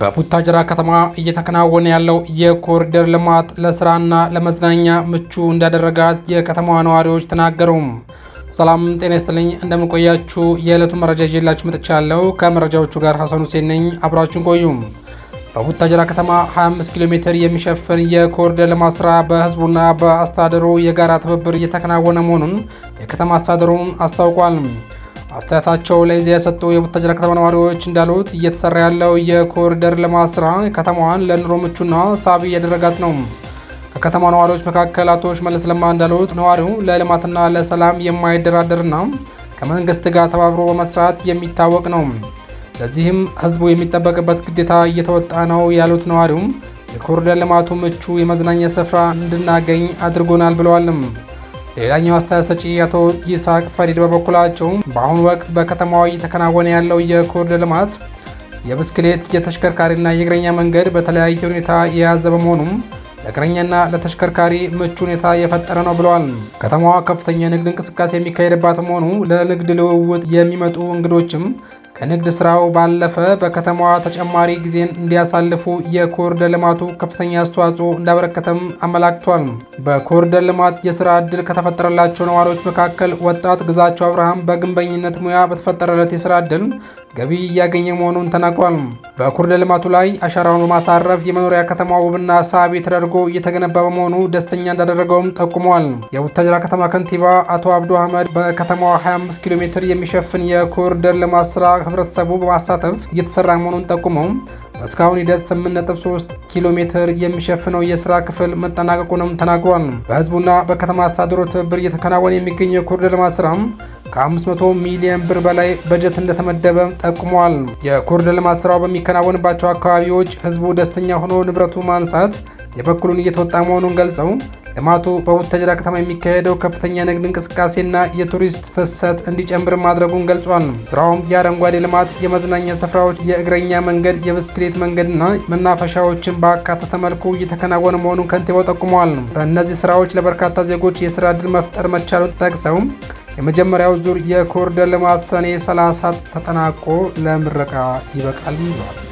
በቡታጅራ ከተማ እየተከናወነ ያለው የኮሪደር ልማት ለስራና ለመዝናኛ ምቹ እንዳደረጋት የከተማዋ ነዋሪዎች ተናገሩ። ሰላም ጤና ይስጥልኝ፣ እንደምንቆያችሁ የዕለቱ መረጃ ይዤላችሁ መጥቻለሁ። ከመረጃዎቹ ጋር ሀሰን ሁሴን ነኝ። አብራችሁን ቆዩ። በቡታጅራ ከተማ 25 ኪሎ ሜትር የሚሸፍን የኮሪደር ልማት ስራ በህዝቡና በአስተዳደሩ የጋራ ትብብር እየተከናወነ መሆኑን የከተማ አስተዳደሩም አስታውቋል። አስተያየታቸው ለኢዜአ የሰጡ የቡታጅራ ከተማ ነዋሪዎች እንዳሉት እየተሰራ ያለው የኮሪደር ልማት ስራ ከተማዋን ለኑሮ ምቹና ሳቢ እያደረጋት ነው። ከከተማ ነዋሪዎች መካከል አቶ ሽመልስ ለማ እንዳሉት ነዋሪው ለልማትና ለሰላም የማይደራደርና ከመንግስት ጋር ተባብሮ በመስራት የሚታወቅ ነው። ለዚህም ህዝቡ የሚጠበቅበት ግዴታ እየተወጣ ነው ያሉት ነዋሪውም የኮሪደር ልማቱ ምቹ የመዝናኛ ስፍራ እንድናገኝ አድርጎናል ብለዋልም። ሌላኛው አስተያየት ሰጪ አቶ ይስሐቅ ፈሪድ በበኩላቸው በአሁኑ ወቅት በከተማዋ እየተከናወነ ያለው የኮሪደር ልማት የብስክሌት የተሽከርካሪና የእግረኛ መንገድ በተለያየ ሁኔታ የያዘ በመሆኑም ለእግረኛና ለተሽከርካሪ ምቹ ሁኔታ የፈጠረ ነው ብለዋል። ከተማዋ ከፍተኛ የንግድ እንቅስቃሴ የሚካሄድባት መሆኑ ለንግድ ልውውጥ የሚመጡ እንግዶችም ከንግድ ስራው ባለፈ በከተማዋ ተጨማሪ ጊዜን እንዲያሳልፉ የኮሪደር ልማቱ ከፍተኛ አስተዋጽኦ እንዳበረከተም አመላክቷል። በኮሪደር ልማት የስራ እድል ከተፈጠረላቸው ነዋሪዎች መካከል ወጣት ግዛቸው አብርሃም በግንበኝነት ሙያ በተፈጠረለት የስራ እድል ገቢ እያገኘ መሆኑን ተናግሯል። በኮሪደር ልማቱ ላይ አሻራውን በማሳረፍ የመኖሪያ ከተማ ውብና ሳቢ ተደርጎ እየተገነባ በመሆኑ ደስተኛ እንዳደረገውም ጠቁመዋል። የቡታጅራ ከተማ ከንቲባ አቶ አብዱ አህመድ በከተማዋ 25 ኪሎ ሜትር የሚሸፍን የኮሪደር ልማት ስራ ህብረተሰቡ በማሳተፍ እየተሰራ መሆኑን ጠቁመው እስካሁን ሂደት 8.3 ኪሎ ሜትር የሚሸፍነው የስራ ክፍል መጠናቀቁንም ተናግሯል። በህዝቡና በከተማ አስተዳደሩ ትብብር እየተከናወነ የሚገኘ የኮሪደር ልማት ስራም ከ500 ሚሊዮን ብር በላይ በጀት እንደተመደበ ጠቁመዋል። የኮሪደር ልማት ስራው በሚከናወንባቸው አካባቢዎች ህዝቡ ደስተኛ ሆኖ ንብረቱ ማንሳት የበኩሉን እየተወጣ መሆኑን ገልጸው ልማቱ በቡታጅራ ከተማ የሚካሄደው ከፍተኛ የንግድ እንቅስቃሴና የቱሪስት ፍሰት እንዲጨምር ማድረጉን ገልጿል። ስራውም የአረንጓዴ ልማት፣ የመዝናኛ ስፍራዎች፣ የእግረኛ መንገድ፣ የብስክሌት መንገድና መናፈሻዎችን በአካተተ መልኩ እየተከናወነ መሆኑን ከንቲባው ጠቁመዋል። በእነዚህ ስራዎች ለበርካታ ዜጎች የስራ እድል መፍጠር መቻሉን ጠቅሰውም የመጀመሪያው ዙር የኮሪደር ልማት ሰኔ 30 ተጠናቆ ለምረቃ ይበቃል ብሏል።